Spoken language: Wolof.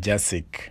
Jacek